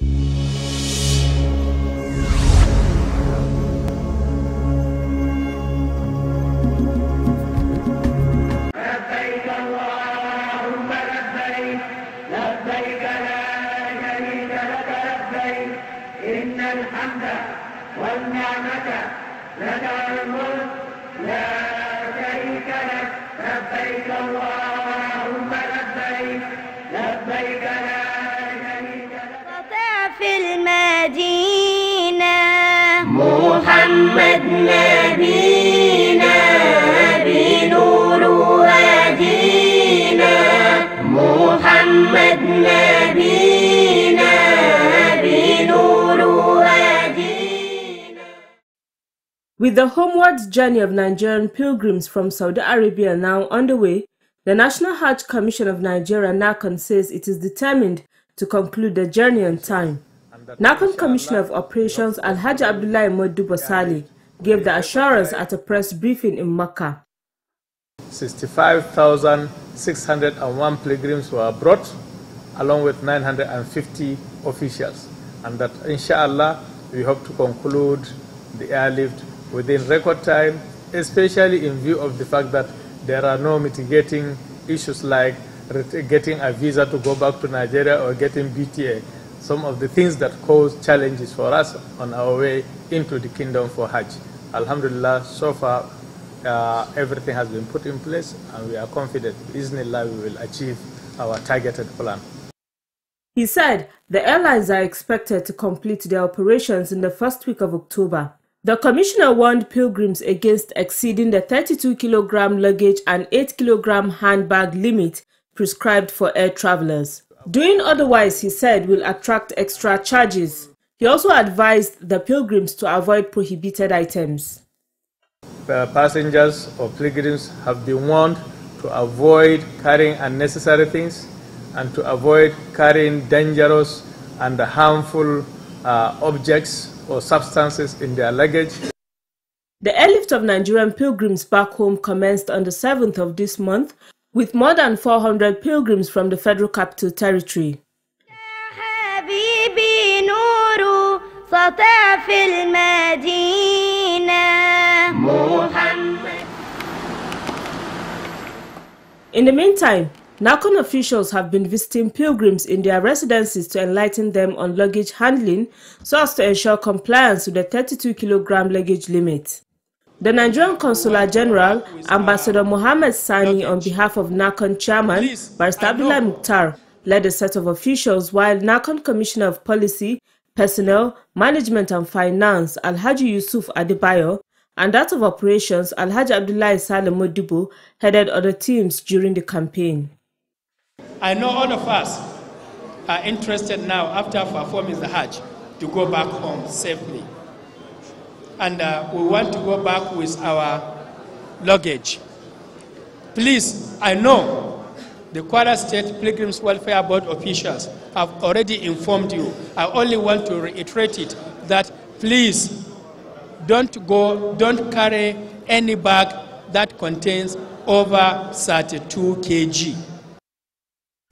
thank you نبينا بنور محمد نبينا بنور With the homeward journey of Nigerian pilgrims from Saudi Arabia now underway, the National Hajj Commission of Nigeria NACON says it is determined to conclude the journey on time. NACON Commissioner of Operations Alhaji Abdullahi Modu Basali gave the assurance at a press briefing in Makkah. 65,601 pilgrims were brought along with 950 officials and that inshallah we hope to conclude the airlift within record time especially in view of the fact that there are no mitigating issues like getting a visa to go back to Nigeria or getting BTA some of the things that cause challenges for us on our way into the kingdom for Hajj. Alhamdulillah, so far uh, everything has been put in place and we are confident, Bismillah, we will achieve our targeted plan. He said the airlines are expected to complete their operations in the first week of October. The commissioner warned pilgrims against exceeding the 32 kilogram luggage and 8 kilogram handbag limit prescribed for air travelers. Doing otherwise, he said, will attract extra charges. He also advised the pilgrims to avoid prohibited items. passengers or pilgrims have been warned to avoid carrying unnecessary things and to avoid carrying dangerous and harmful uh, objects or substances in their luggage. The airlift of Nigerian pilgrims back home commenced on the 7th of this month with more than 400 pilgrims from the Federal Capital Territory. In the meantime, Nakon officials have been visiting pilgrims in their residences to enlighten them on luggage handling so as to ensure compliance with the 32 kilogram luggage limit. The Nigerian Consular General, Ambassador Mohammed Sani, on behalf of NACON Chairman, Barstabila Mukhtar, led a set of officials while NACON Commissioner of Policy, Personnel, Management and Finance, Alhaji Yusuf Adebayo, and that of Operations, Alhaji Abdullahi Salim Modibo, headed other teams during the campaign. I know all of us are interested now, after performing the Hajj, to go back home safely and uh, we want to go back with our luggage. Please, I know the Kwara State Pilgrims Welfare Board officials have already informed you. I only want to reiterate it that please don't go, don't carry any bag that contains over 32 kg.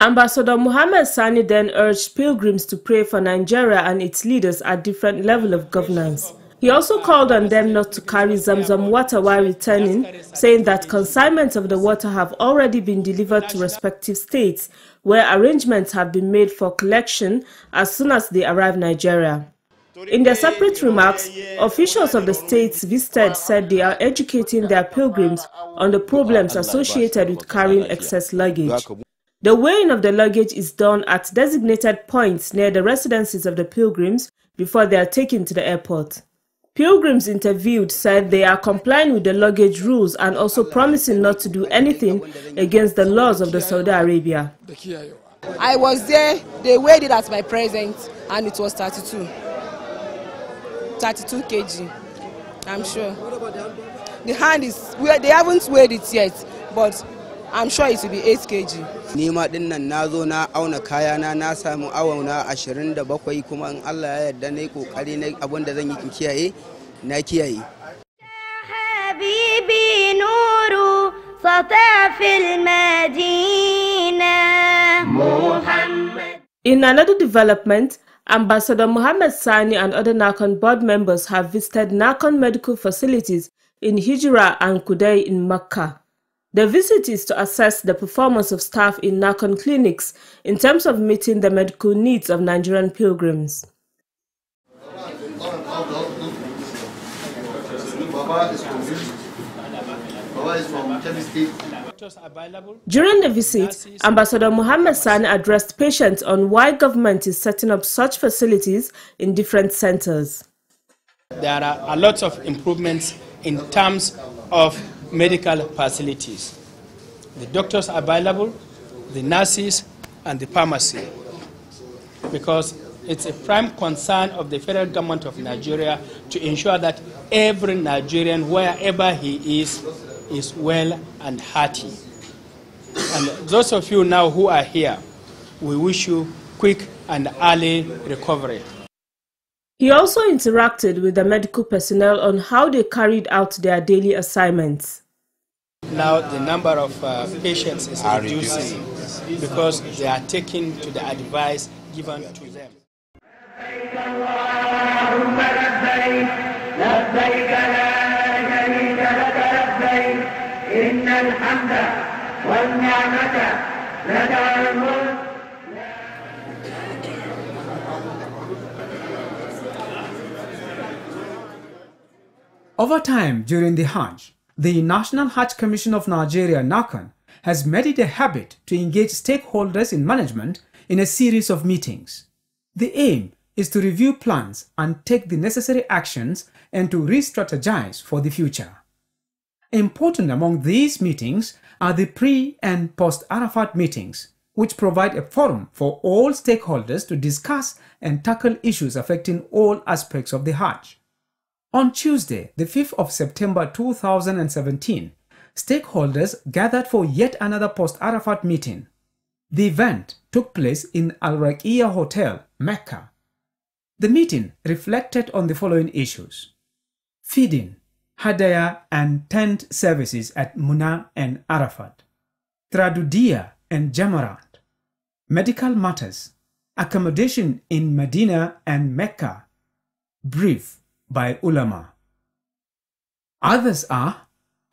Ambassador Muhammad Sani then urged pilgrims to pray for Nigeria and its leaders at different level of governance. He also called on them not to carry Zamzam water while returning, saying that consignments of the water have already been delivered to respective states, where arrangements have been made for collection as soon as they arrive Nigeria. In their separate remarks, officials of the states visited said they are educating their pilgrims on the problems associated with carrying excess luggage. The weighing of the luggage is done at designated points near the residences of the pilgrims before they are taken to the airport. Pilgrims interviewed said they are complying with the luggage rules and also promising not to do anything against the laws of the Saudi Arabia. I was there, they weighed it as my present and it was 32. 32 kg, I'm sure. The hand is, they haven't weighed it yet, but I'm sure it will be 8 kg. nima ma dinnan na zo na auna kayana na samu da bakwai kuma in Allah ya yarda na yi kokari na abin da zan yi in kiyaye na kiyaye In another development, Ambassador Mohammed Sani and other NACON board members have visited NACON medical facilities in Hijra and Kudai in Makkah. The visit is to assess the performance of staff in Nakhon clinics in terms of meeting the medical needs of Nigerian pilgrims. During the visit, Ambassador Mohammed San addressed patients on why government is setting up such facilities in different centers. There are a lot of improvements in terms of medical facilities. The doctors are available, the nurses, and the pharmacy, because it's a prime concern of the federal government of Nigeria to ensure that every Nigerian, wherever he is, is well and hearty. And those of you now who are here, we wish you quick and early recovery. He also interacted with the medical personnel on how they carried out their daily assignments. Now the number of uh, patients is reducing because they are taking to the advice given to them. الحمد والنعمة الملك Over time, during the Hajj, the National Hajj Commission of Nigeria, NACON, has made it a habit to engage stakeholders in management in a series of meetings. The aim is to review plans and take the necessary actions and to re-strategize for the future. Important among these meetings are the pre- and post-Arafat meetings, which provide a forum for all stakeholders to discuss and tackle issues affecting all aspects of the Hajj. On Tuesday, the 5th of September 2017, stakeholders gathered for yet another post Arafat meeting. The event took place in Al Raqiya Hotel, Mecca. The meeting reflected on the following issues feeding, hadaya, and tent services at Muna and Arafat, Tradudia and Jamarat, medical matters, accommodation in Medina and Mecca, brief by ulama. Others are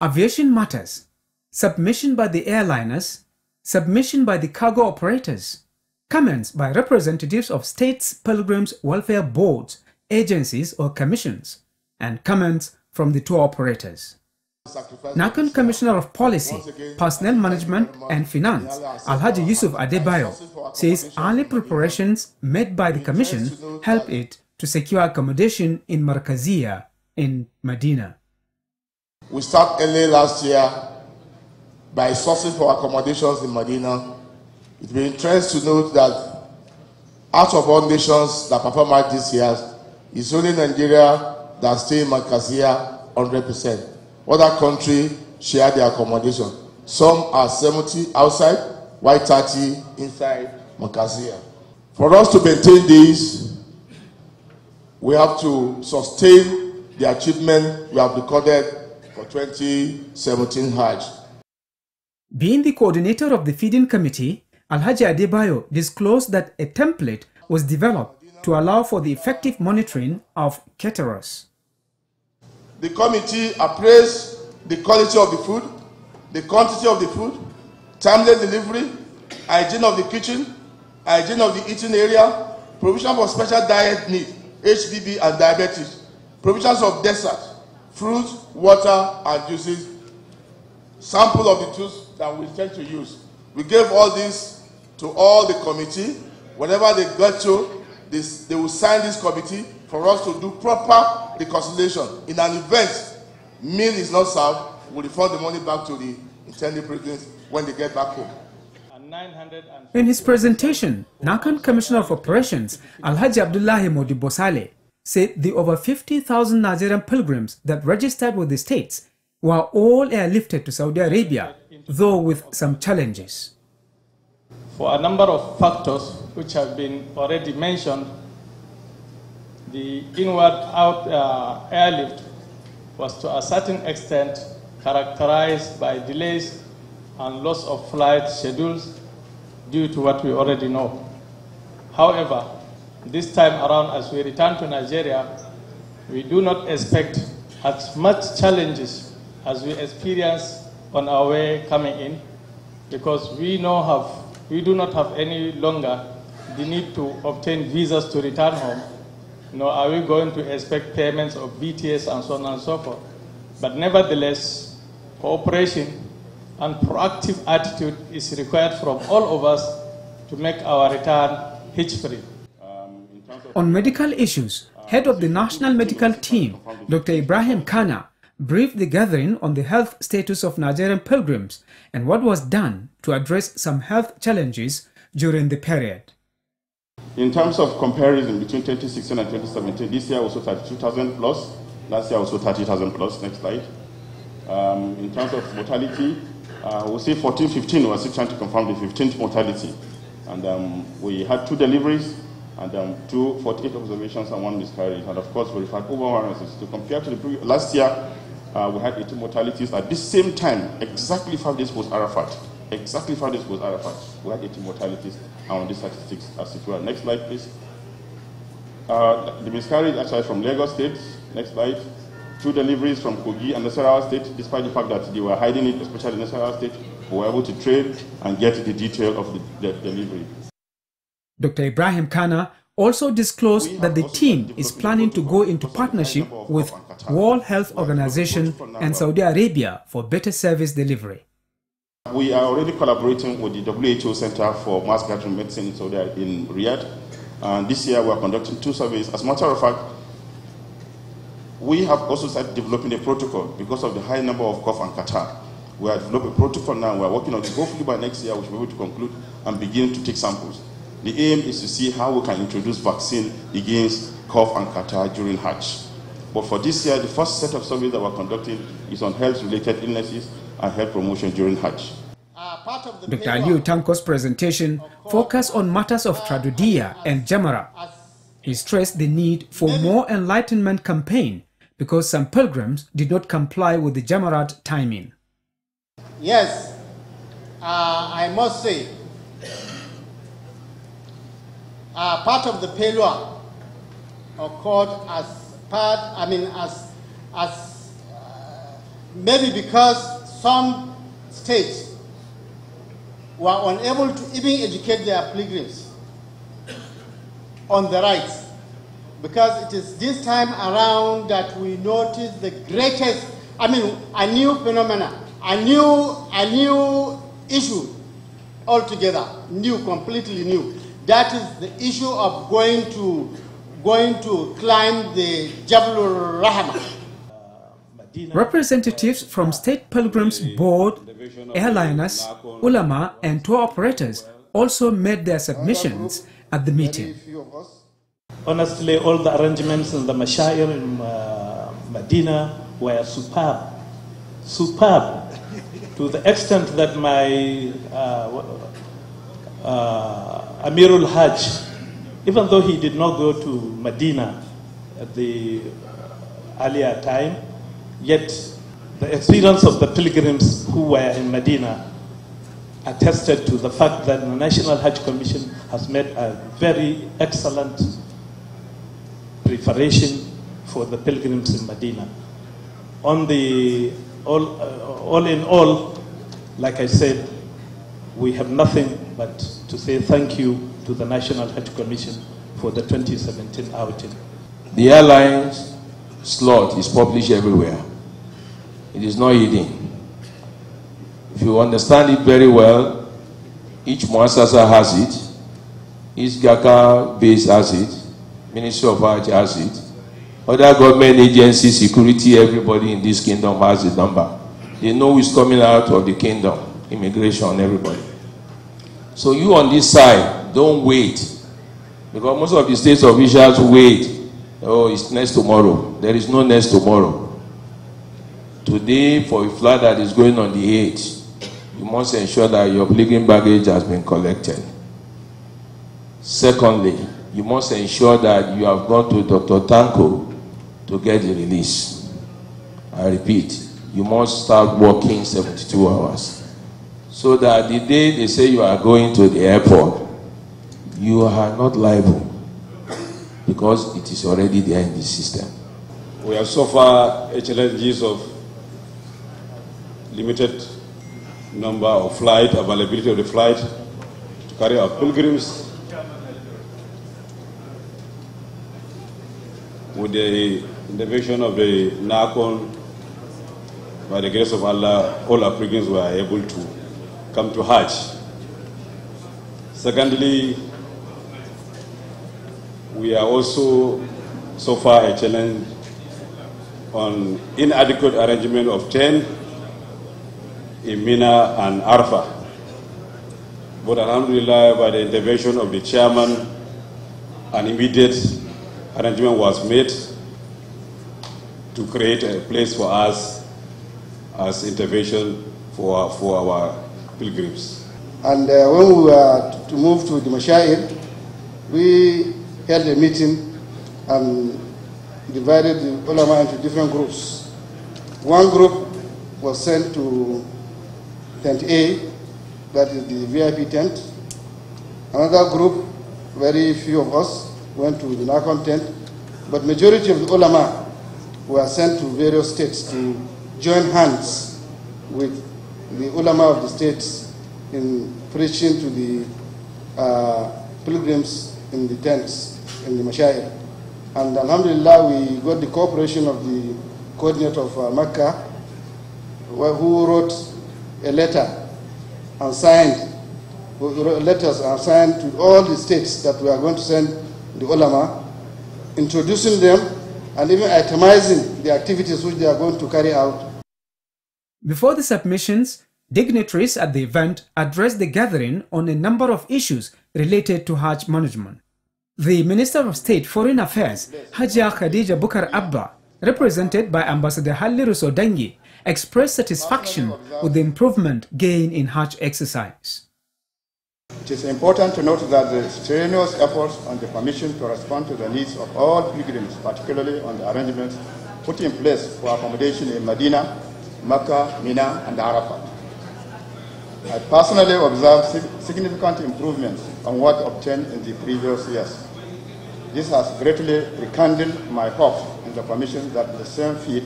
aviation matters, submission by the airliners, submission by the cargo operators, comments by representatives of states, pilgrims, welfare boards, agencies or commissions, and comments from the tour operators. Nakan Commissioner of Policy, Personnel Management and Finance, Alhaji Yusuf Adebayo, says early preparations made by the Commission help it to secure accommodation in Markazia in Medina. We start early last year by sourcing for accommodations in Medina. It's been interesting to note that out of all nations that perform at this year, it's only Nigeria that stay in Markazia 100%. Other countries share their accommodation. Some are 70 outside, while 30 inside Markazia. For us to maintain this, We have to sustain the achievement we have recorded for 2017 Hajj. Being the coordinator of the feeding committee, Alhaji Adebayo disclosed that a template was developed to allow for the effective monitoring of caterers. The committee appraised the quality of the food, the quantity of the food, timely delivery, hygiene of the kitchen, hygiene of the eating area, provision for special diet needs, HDB, and diabetes, provisions of desert, fruits, water, and juices, sample of the tools that we intend to use. We gave all this to all the committee. Whenever they get to, this, they will sign this committee for us to do proper reconciliation. In an event, meal is not served, we we'll refund the money back to the intended president when they get back home. In his presentation, Nakan Commissioner of Operations Alhaji Abdullahi Modibo Saleh said the over 50,000 Nigerian pilgrims that registered with the states were all airlifted to Saudi Arabia, though with some challenges. For a number of factors which have been already mentioned, the inward out uh, airlift was to a certain extent characterized by delays and loss of flight schedules due to what we already know. However, this time around as we return to Nigeria, we do not expect as much challenges as we experience on our way coming in because we now have, we do not have any longer the need to obtain visas to return home, nor are we going to expect payments of BTS and so on and so forth. But nevertheless, cooperation and proactive attitude is required from all of us to make our return hitch-free. On medical issues, head of the national medical team, Dr. Ibrahim Kana, briefed the gathering on the health status of Nigerian pilgrims and what was done to address some health challenges during the period. In terms of comparison between 2016 and 2017, this year was 32,000 plus, last year was 30,000 plus. Next slide. Um, in terms of mortality, uh, we see 14, 15, we are still trying to confirm the 15th mortality. And um, we had two deliveries, and um, two 48 observations and one miscarriage. And of course, we had overwhelmances. To compare to the previous, last year, uh, we had 18 mortalities. At this same time, exactly five days was Arafat. Exactly five days was Arafat. We had 18 mortalities, and these statistics are secure. Next slide, please. Uh, the miscarriage actually from Lagos State. Next slide two deliveries from Kogi and Nasarawa State, despite the fact that they were hiding it, especially Nasarawa State, we were able to trade and get the detail of the, the delivery. Dr. Ibrahim Kana also disclosed that the team is planning to go into partnership with World Health Organization and Saudi Arabia for better service delivery. We are already collaborating with the WHO Center for Mass Gathering Medicine in Saudi in Riyadh. And this year we are conducting two surveys. As a matter of fact, we have also started developing a protocol because of the high number of cough and Qatar. We have developed a protocol now. We are working on it. Hopefully by next year we should be able to conclude and begin to take samples. The aim is to see how we can introduce vaccine against cough and Qatar during Hajj. But for this year, the first set of surveys that we're conducting is on health-related illnesses and health promotion during Hajj. Uh, Dr. Liu Tanko's presentation focused on matters of uh, tradudia and Jamara. He stressed the need for more enlightenment campaign because some pilgrims did not comply with the Jamarat timing. Yes, uh, I must say, uh, part of the Pelua occurred as part, I mean, as, as uh, maybe because some states were unable to even educate their pilgrims on the rights because it is this time around that we notice the greatest, I mean, a new phenomena, a new, a new issue altogether, new, completely new. That is the issue of going to, going to climb the Jabal Rahama. Representatives from State Pilgrims Board, airliners, ulama and tour operators also made their submissions at the meeting. Honestly, all the arrangements in the Mashair in uh, Medina were superb. Superb. to the extent that my uh, uh, Amirul Hajj, even though he did not go to Medina at the uh, earlier time, yet the experience of the pilgrims who were in Medina attested to the fact that the National Hajj Commission has made a very excellent preparation for the pilgrims in Medina. On the all, uh, all in all, like I said, we have nothing but to say thank you to the National Health Commission for the 2017 outing. The airline's slot is published everywhere. It is not hidden. If you understand it very well, each Muassasa has it, each Gaka base has it, Ministry of Health has it. Other government agencies, security, everybody in this kingdom has the number. They know who's coming out of the kingdom, immigration, everybody. So you on this side, don't wait. Because most of the states officials wait. Oh, it's next tomorrow. There is no next tomorrow. Today, for a flight that is going on the 8th, you must ensure that your pilgrim baggage has been collected. Secondly, you must ensure that you have gone to Dr. Tanko to get the release. I repeat, you must start working 72 hours. So that the day they say you are going to the airport, you are not liable because it is already there in the system. We have so far challenges of limited number of flight, availability of the flight to carry our pilgrims with the intervention of the NACON, by the grace of Allah, all Africans were able to come to Hajj. Secondly, we are also so far a challenge on inadequate arrangement of ten in Mina and Arfa. But Alhamdulillah, by the intervention of the chairman, an immediate arrangement was made to create a place for us as intervention for, for our pilgrims. And uh, when we were to move to the masjid, we held a meeting and divided the ulama into different groups. One group was sent to tent A, that is the VIP tent. Another group, very few of us, went to the Nakhon tent, but majority of the ulama were sent to various states to join hands with the ulama of the states in preaching to the uh, pilgrims in the tents, in the mashayikh. And alhamdulillah, we got the cooperation of the coordinator of uh, Makkah, who wrote a letter and signed letters and signed to all the states that we are going to send the ulama, introducing them and even itemizing the activities which they are going to carry out. Before the submissions, dignitaries at the event addressed the gathering on a number of issues related to Hajj management. The Minister of State Foreign Affairs, Hajia Khadija Bukar Abba, represented by Ambassador Halliru Sodangi, expressed satisfaction with the improvement gained in Hajj exercise. It is important to note that the strenuous efforts on the Commission to respond to the needs of all pilgrims, particularly on the arrangements put in place for accommodation in Medina, Mecca, Mina, and Arafat. I personally observed significant improvements on what obtained in the previous years. This has greatly rekindled my hope in the Commission that the same feat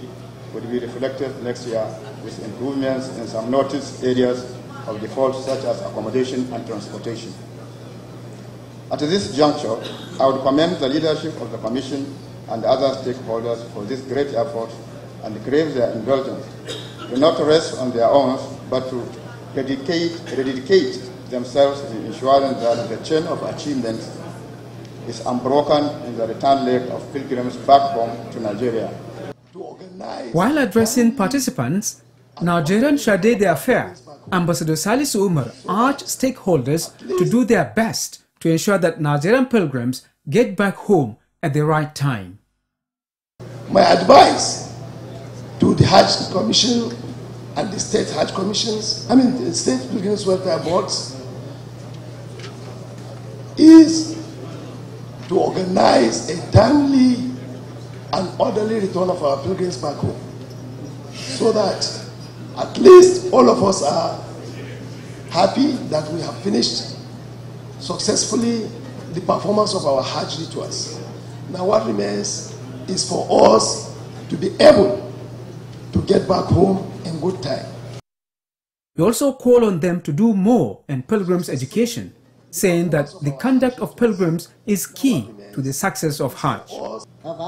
would be reflected next year with improvements in some noticed areas of default such as accommodation and transportation. At this juncture, I would commend the leadership of the Commission and other stakeholders for this great effort and crave their indulgence to not rest on their own, but to dedicate, rededicate themselves to ensuring that the chain of achievements is unbroken in the return leg of pilgrims back home to Nigeria. While addressing participants, Nigerian should the affair. Ambassador Salisu Umar urged stakeholders to do their best to ensure that Nigerian pilgrims get back home at the right time. My advice to the Hajj Commission and the state Hajj Commissions, I mean the state pilgrims welfare boards, is to organize a timely and orderly return of our pilgrims back home so that at least all of us are happy that we have finished successfully the performance of our Hajj rituals. Now, what remains is for us to be able to get back home in good time. We also call on them to do more in pilgrims' education, saying that the conduct of pilgrims is key to the success of Hajj.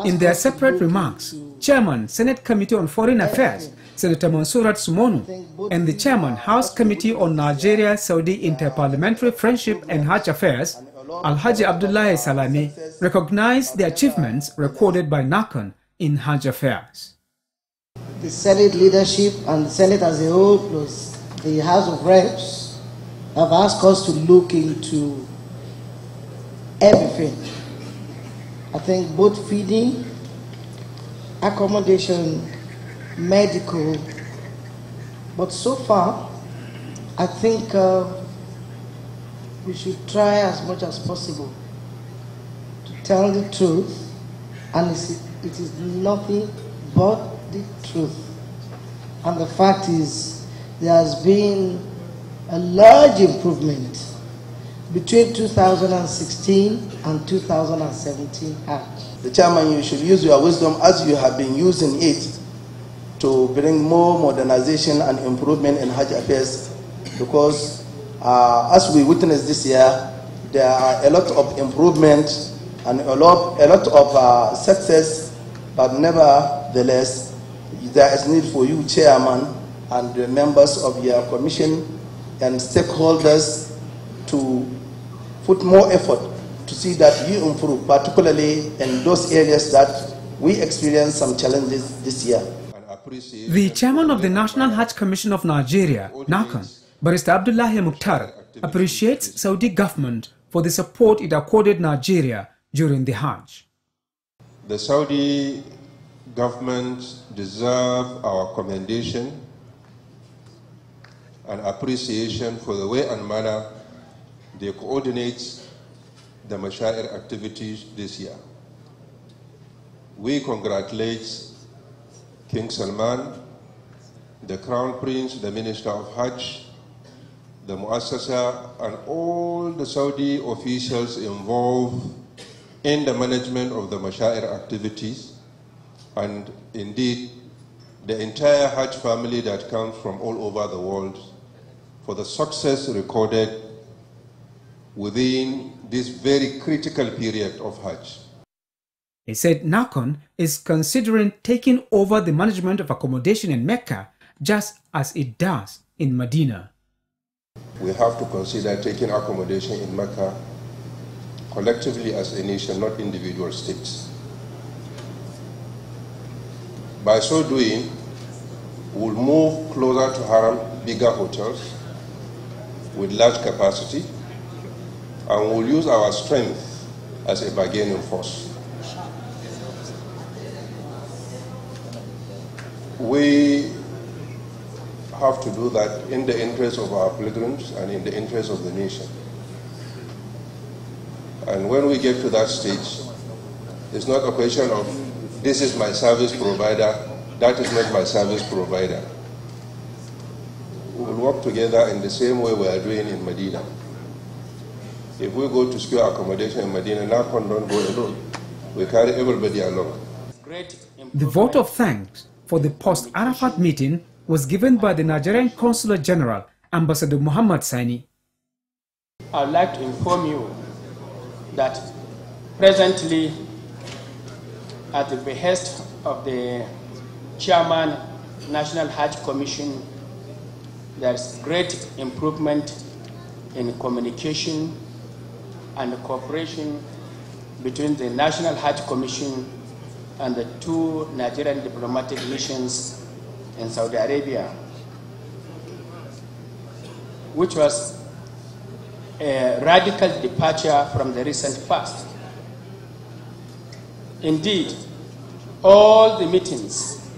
In their separate remarks, Chairman, Senate Committee on Foreign Affairs, Senator Mansurat Sumonu, and the chairman, House Committee on Nigeria-Saudi Interparliamentary Friendship and Hajj Affairs, Alhaji Abdullahi Salami, recognized the achievements recorded by NACON in Hajj Affairs. The Senate leadership and the Senate as a whole, plus the House of Reps, have asked us to look into everything. I think both feeding, accommodation, medical. But so far, I think uh, we should try as much as possible to tell the truth, and it is nothing but the truth. And the fact is, there has been a large improvement between 2016 and 2017 Act. The chairman, you should use your wisdom as you have been using it to bring more modernization and improvement in Hajj affairs because uh, as we witnessed this year, there are a lot of improvement and a lot, a lot of uh, success, but nevertheless, there is need for you, Chairman, and the members of your commission and stakeholders to put more effort to see that you improve, particularly in those areas that we experienced some challenges this year. The chairman of the National Hajj Commission of Nigeria, Nakan Barista Abdullahi Mukhtar, appreciates Saudi government for the support it accorded Nigeria during the Hajj. The Saudi government deserve our commendation and appreciation for the way and manner they coordinate the Mashair activities this year. We congratulate King Salman, the Crown Prince, the Minister of Hajj, the Muassasa, and all the Saudi officials involved in the management of the Mashair activities, and indeed the entire Hajj family that comes from all over the world for the success recorded within this very critical period of Hajj. He said Nakon is considering taking over the management of accommodation in Mecca just as it does in Medina. We have to consider taking accommodation in Mecca collectively as a nation, not individual states. By so doing, we'll move closer to Haram, bigger hotels with large capacity, and we'll use our strength as a bargaining force. we have to do that in the interest of our pilgrims and in the interest of the nation. And when we get to that stage, it's not a question of this is my service provider, that is not my service provider. We will work together in the same way we are doing in Medina. If we go to secure accommodation in Medina, Nakon don't go alone. We carry everybody along. The vote of thanks for the post-Arafat meeting was given by the Nigerian Consular General, Ambassador Muhammad Sani. I would like to inform you that presently, at the behest of the Chairman National Hajj Commission, there's great improvement in communication and cooperation between the National Hajj Commission and the two Nigerian diplomatic missions in Saudi Arabia, which was a radical departure from the recent past. Indeed, all the meetings,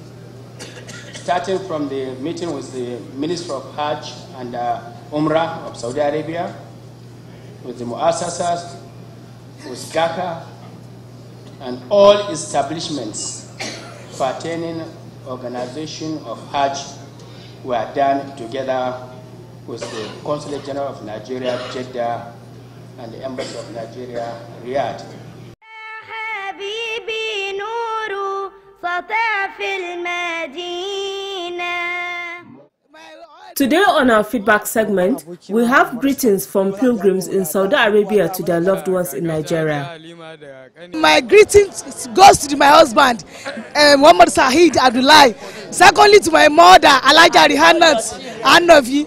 starting from the meeting with the Minister of Hajj and uh, Umrah of Saudi Arabia, with the Muassasas, with Dhaka, and all establishments pertaining organization of Hajj were done together with the Consulate General of Nigeria, Jeddah, and the Embassy of Nigeria, Riyadh. في المدينة Today, on our feedback segment, we have greetings from pilgrims in Saudi Arabia to their loved ones in Nigeria. My greeting goes to my husband, uh, Muhammad Sahid Abdullahi. Secondly, to my mother, Alaja Rihanat Anovi.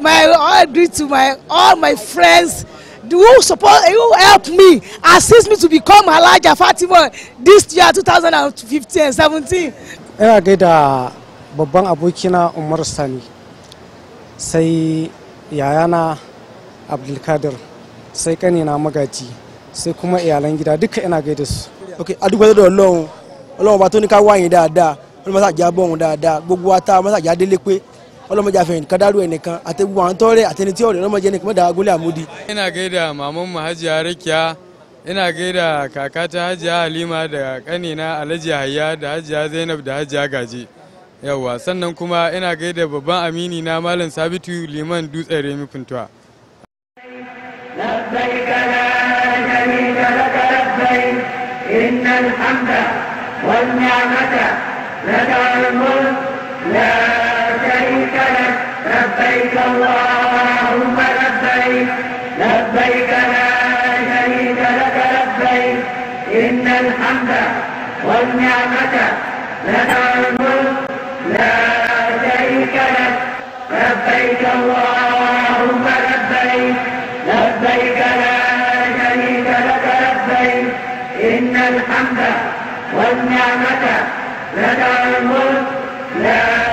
My all greet to my all my friends who support who help me assist me to become Alaja Fatima this year 2015 and 17. Umar Sani. sai yayana abdulkadir sai kanina magaji sai kuma iyalan gida duka ina gaida su ok a duk dọ̀ ọlọ́run ọlọ́run ọba tó ní ká wá yín daada wani mọ́sá àjà bon daada gbogbo ata mọ́sá dele pe pé ọlọ́run mọ́jà ka daru dárú ẹnìkan àti gbogbo àwọn tọ́rẹ́ àti ẹni tí ọ̀rẹ́ ọlọ́run mọ́jà ẹnìkan mọ́jà agolé amudi. ina gaida maman mu hajiya rakiya ina gaida kakata hajiya halima da kanina alhaji hayya da hajiya zainab da hajiya gaji. yawwa sannan kuma ina gaida babban amini na malam sabitu liman dutsen remi puntuwa والنعمة لنا لا شريك لك لبيك اللهم لبيك لبيك لا شريك لك لبيك إن الحمد والنعمة لك الملك لا